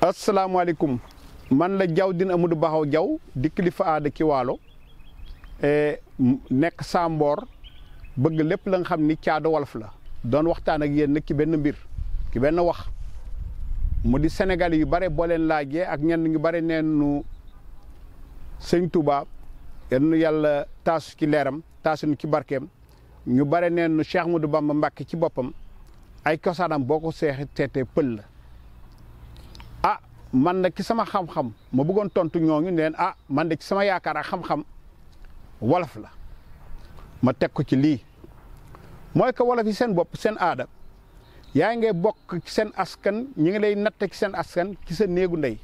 asalaamaaleykum man la Diaw dina Amadou Baxaw Diaw di kilifa aada ki waalo e, nekk Samboor bëgg lépp la nga xam ni caado wolof la doon waxtaan ak yenn nag ci benn mbir ki benn wax mu di senegal yu bare booleen leen laajee ak ñenn ñu bare neenu sëñ Touba yennu yàlla taasu ci leeram taasuñu ci barkeem ñu bare neenu Cheikh Ahmadou Bamba Mbàkke ci boppam ay cosaanam boo ko seexi teetee pël la man na ci sama xam-xam ma bëggoon tontu ñooñu ne leen ah man de ci sama yaakaar ak xam-xam wolof la ma teg ko ci lii mooy que wolof yi seen bopp seen aada yaa ngay bokk ci seen askan ñi ngi lay natt ci seen askan ci sa néegu ndey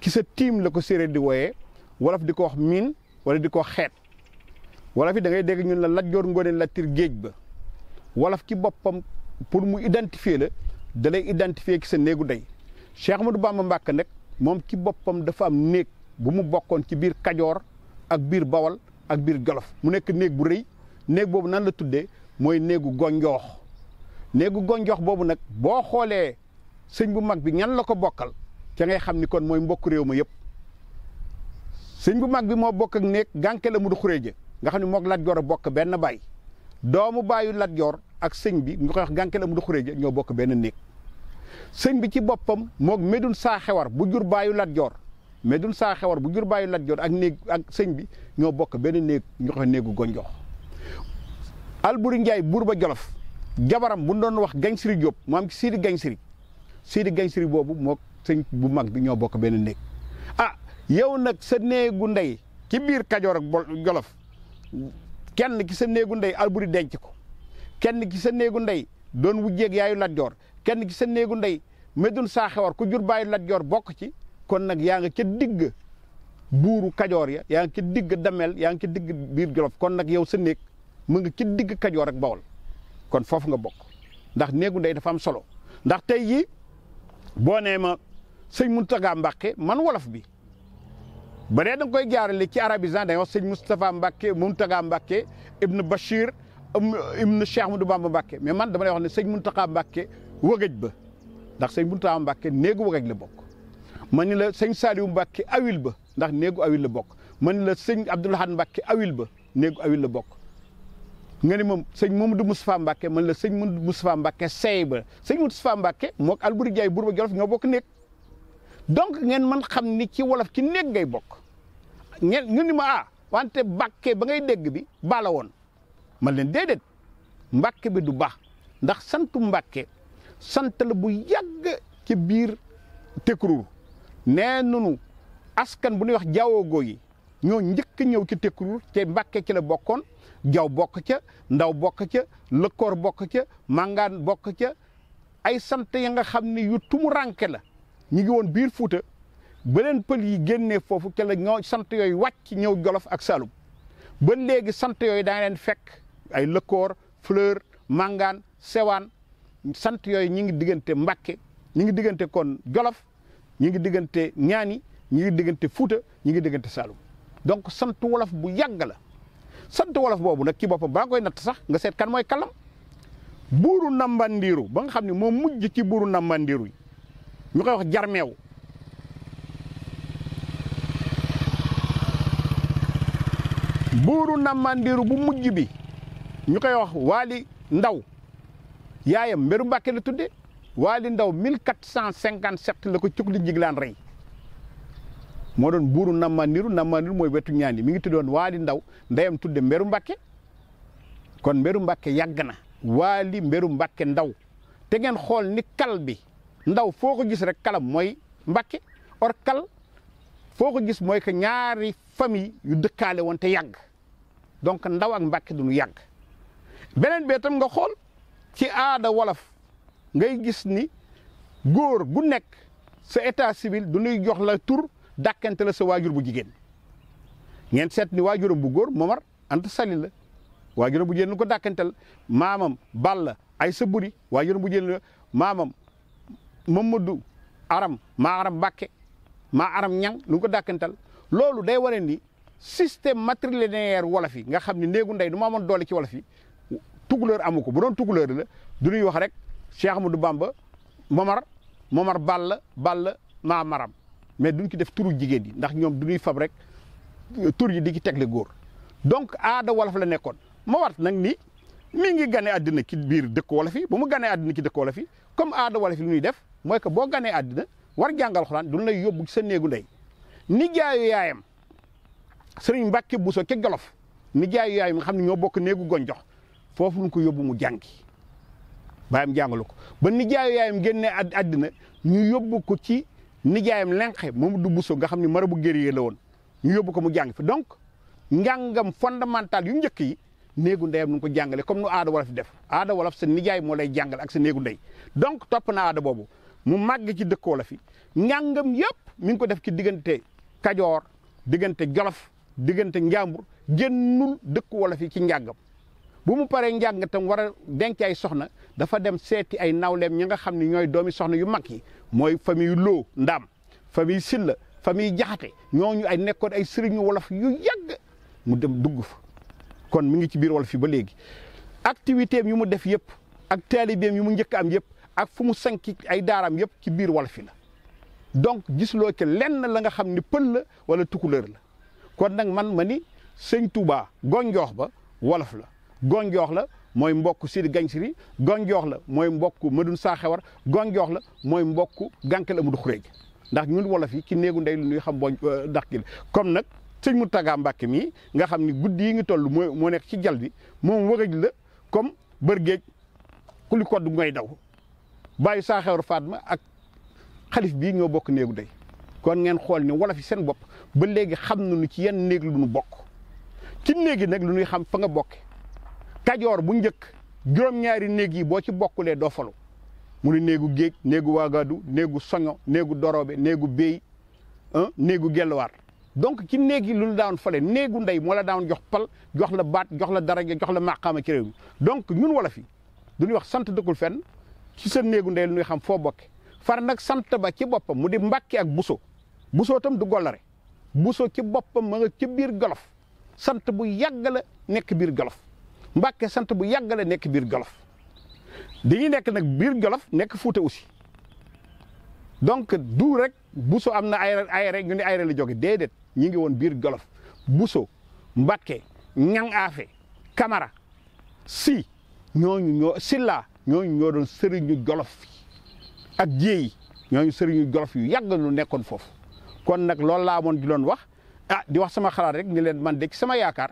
ci sa tiim la ko séeréer di wooyee wolof di ko wax miin wala di ko xeet wolof yi dangay ngay dégg ñun la Lat Joor Ngoone Latiir géej ba wolof ci boppam pour mu identifier la dalay lay ki sa néegu ndey Cheikh Amadou Bamba mbàkk nag moom ci boppam dafa am néeg bu mu bokkoon ci biir Kajoor ak biir Bawal ak biir Jolof mu nekk néeg bu rëy néeg boobu nan la tuddee mooy néegu gonjoox néegu gonjoox boobu nag boo xoolee sëñ bu mag bi ñan la ko bokkal ca ngay xam ni kon mooy mbokk réew yëpp sëñ bu mag moo bokk ak néeg gànke la mu du xuréeje nga xam ne mook Lat Joor a bokk benn baay doomu baayu Lat Joor ak sëñ bi ñu koy wax gànke la mu du xuréeje ñoo bokk benn néeg sëñ bi ci boppam moog medun saa xewar bu jur baayu Lat Joor medun saa xewar bu jur baayu Lat Joor ak néeg ak sëñ bi ñoo bokk benn néeg ñu ko néegu gonjox Alburi Njaay buur ba Jolof jabaram bu doon wax Gañsiri Jóob mu am ci Siidi Gañsiri Siidi boobu moog sëñ bu mag bi ñoo bokk benn néeg ah yow nag sa néegu ndey ci biir Kajoor ak Jolof kenn ki sa néegu ndey Alburi denc ko kenn ki sa néegu ndey doon wujjeeg yaayu Lat Joor kenn ki sa néegu ndey medun saa xewar ku jur bàyyi Lat Joor bokk ci kon nag yaa nga ke digg buuru kajoor ya yaa ngi ci digg damel yaa ngi ci digg biir jolof kon nag yow sa néeg mu nga digg kajoor ak bawol kon foofu nga bokk ndax néegu ndey dafa am solo ndax tey ji boo nee ma sëñ Mountakha Mbacké man wolof bi ba dee da nga koy jaarale ci arabisant day wax sëñ Moustapha Mbacké Mountakha Mbacké ibnu Bachir ibnu Cheikh Ahmadou Bamba Mbacké mais man dama lay wax ne sëñ Mountakha Mbacké wëgëj ba ndax sëñ Muntaxa Mbàkke néegu wëgëj la bokk ma ni la sëñ Saaliwu Mbàkke awil ba ndax néegu awil la bokk ma ni la sëñ Abdul Ahad Mbàkke awil ba néegu awil la bokk nga ni moom sëñ Mamadou Moustapha Mbacke man la sëñ Mamadou Moustapha Mbacke seey ba sëñ Moustapha Mbacke moog Alburi Jaay Buurba Jolof nga bokk néeg donc ngeen man xam ni ci wolof ci néeg ngay bokk ngeen ñu ni ma ah wante bakke ba ngay dégg bi bala woon man leen déedéet Mbacke bi du baax ndax santu Mbacke sant la bu yàgg ci biir Tekruur nee nunu askan bu ñuy wax jawwogoo yi ñoo njëkk ñëw ci Tekruur te Mbàkke ci la bokkoon jaw bokk ca ndaw bokk ca lëkkoor bokk ca màngaan bokk ca ay sant ya nga xam ne yu tumu la ñu ngi woon biir Fuuta ba leen pël yi génnee foofu ca la ñoo sant yooyu wàcc ñëw Jolof ak Saalum ba léegi sant yooyu da nga fekk ay lëkkoor fleur màngaan sewaan sant yooyu ñu ngi diggante Mbàkke ñu ngi diggante kon Jolof ñu ngi diggante Ñaani ñu ngi diggante Fuuta ñu ngi diggante Saalum donc sant wolof bu yàgg la sant wolof boobu nag ci boppam baa koy natt sax nga seet kan mooy kalam buuru nambandiiru ba nga xam ne moo mujj ci buuru nambandiiru ñu koy wax jarmeew buuru nambandiiru bu mujj bi ñu koy wax waali ndaw yaayam mberu Mbàkke la tudde Waali Ndaw mill 1457 la ko cukli jiglaan rey moo doon buuru Namaniru Namaniru mooy betu ñaani mi ngi tuddoon Waali Ndaw ndeyam tudde mberu mbakke kon mberu mbakke yàgg na Waali mberu Mbàkke Ndaw te ngeen xool ni kal bi ndaw foo ko gis rek kalam mooy Mbàkke or kal foo ko gis mooy que ñaari famille yu dëkkaale woon te yàgg donc ndaw ak Mbàkke duñu yàgg beneen bi itam nga xool ci aada wolof ngay gis ni góor bu nekk sa état civil du nuy jox la tur dàkkante la sa waajur bu jigéen ngeen seet ni waajuram bu góor Momar Anta Sali la waajuram bu jigéen nu ko dàkkantel maamam Balla Aysa Buri waajuram bu jigéen la maamam du Aram maa Aram Mbàkke maa Aram Ñang lu ko dàkkantal loolu day wane ni système matrilinéaire wolof yi nga xam ne néegu ndey nu ma amoon doole ci wolof yi tukulóor amu ko bu doon tukulóor la du ñuy wax rek Cheikh du Bamba Momar Momar Ball Ball maa maram mais duñ ci def turu jigéen yi ndax ñoom du ñuy fab rek tur yi di ci tegle góor donc aada wolof la nekkoon ma war nag ni mi ngi gane àddina ci biir dëkk wolof yi bu mu ganee àddina ci dëkk wolof yi comme aada wolof yi lu ñuy def mooy que boo ganee àddina war jàngal xuraan du lay yóbbu ci sa néegu ndey nijaayu yaayam sëriñ Mbàkke Buso ca Jolof nijaayu yaayam nga xam ne ñoo bokk néegu gonjox foofu lu ko yóbbu mu jàngi baayam jàngalu ko ba nijaayu yaayam génne àddina ñu yóbbu ko ci nijaayam lenqe moom du buso nga xam ni ne marabu guerrier la woon ñu yóbbu ko mu jàng fi donc njàngam fondamental yu njëkk yi néegu ndeyam nu ko jàngale comme nu aada wolof def aada wolof sa nijaay moo lay jàngale ak néegu ndey donc topp na boobu mu màgg ci dëkk la fi njàngam yëpp mi ngi ko def ci diggante kajoor diggante jolof diggante njàmbur génnul dëkk wolof yi ci njàngam bu mu paree njàng tam war a denc ay soxna dafa dem seeti ay nawleem ñi nga xam ni ñooy doomi soxna yu mag yi mooy famille Lo Ndaam famille Silla famille Jaxate ñooñu ay nekkoon ay sëriñu wolof yu yàgg mu dem dugg fa kon mu ngi ci biir wolof yi ba léegi activité am yu mu def yëpp ak taalibeem yu mu njëkk am yëpp ak fu mu sanki ay daaraam yëpp ci biir wolof yi la donc gisuloo ci lenn la nga xam ni pël la wala tukulër la kon nag man ma ni sëñ Touba gonjoox ba wolof la gonjoox la mooy mbokk Sidi Gañsiri gonjoox la mooy mbokk Madun Saaxewar gonjoox la mooy mbokk Gànkel Amadou Xureej ndax ñun wolof yi ci néegu ndey lu ñuy xam booñ euh, ndax ki nag sëñ Mountakha Mbacké mii nga xam ni guddi yi ngi toll moo moo nekk ci jal bi moom wërëj la comme bërgéej ku li kodd ngay daw bàyyi Saaxewar Fatma ak xalif bii ñoo bokk néegu ndey kon ngeen xool ni wolof yi seen bopp ba léegi xam nañu ci yenn néeg lu ñu bokk ci néegi nag lu ñuy xam fa nga bokke kajoor bu njëkk juróom-ñaari néeg yi boo ci bokkulee doo falu mu ne néegu géej néegu waagaadu néegu soño néegu doroobe néegu béy néegu gelluwaat donc ci néeg yi lu la daan fale néegu ndey moo la daan jox pal jox la baat jox la daraja jox la maqaama ci réew mi donc ñun wala fi du ñuy wax sant dëkkul fenn ci sa néegu ndey lu ñuy xam foo bokke far nag sant ba ci boppam mu di mbakke ak buso buso tam du gollare buso ci boppam ma nga ci biir golof sant bu yàgg la nekk biir golof Mbàkke sant bu yàgg la nekk biir Jolof dañuy nekk nag biir Jolof nekk Fuuta aussi donc du rek Bousso am na ay ay rek ne ay la jóge déedéet ñi ngi woon biir Jolof Bousso Mbàkke Ñang Aafe Kamara Si ñooñu ñoo Silla ñooñu ñoo doon sëriñu Jolof ak jéey ñooñu sëriñu Jolof yu yàgg lu nekkoon foofu kon nag loolu laa amoon di doon wax ah di wax sama xalaat rek ni leen man de sama yaakaar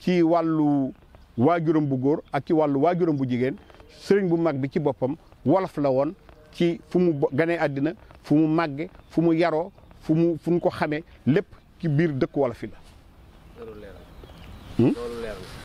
ci wàllu waa waajuram bu góor ak ci wàllu waa waajuram bu jigéen sëriñ bu mag bi ci boppam wolof la woon ci fu mu ganee àddina fu mu màgge fu mu yaroo fu mu fu ko xamee lépp ci biir dëkk wolof yi la hmm?